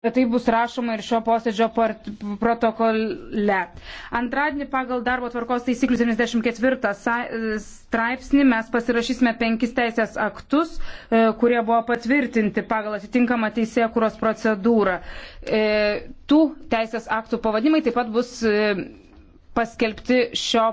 Tai bus rašoma ir šio posėdžio protokole. Antradienį pagal darbo tvarkos taisyklių 74 straipsnį mes pasirašysime penkis teisės aktus, e, kurie buvo patvirtinti pagal atitinkamą teisėje kuros procedūrą. E, tų teisės aktų pavadimai taip pat bus e, paskelbti šio posėdžio.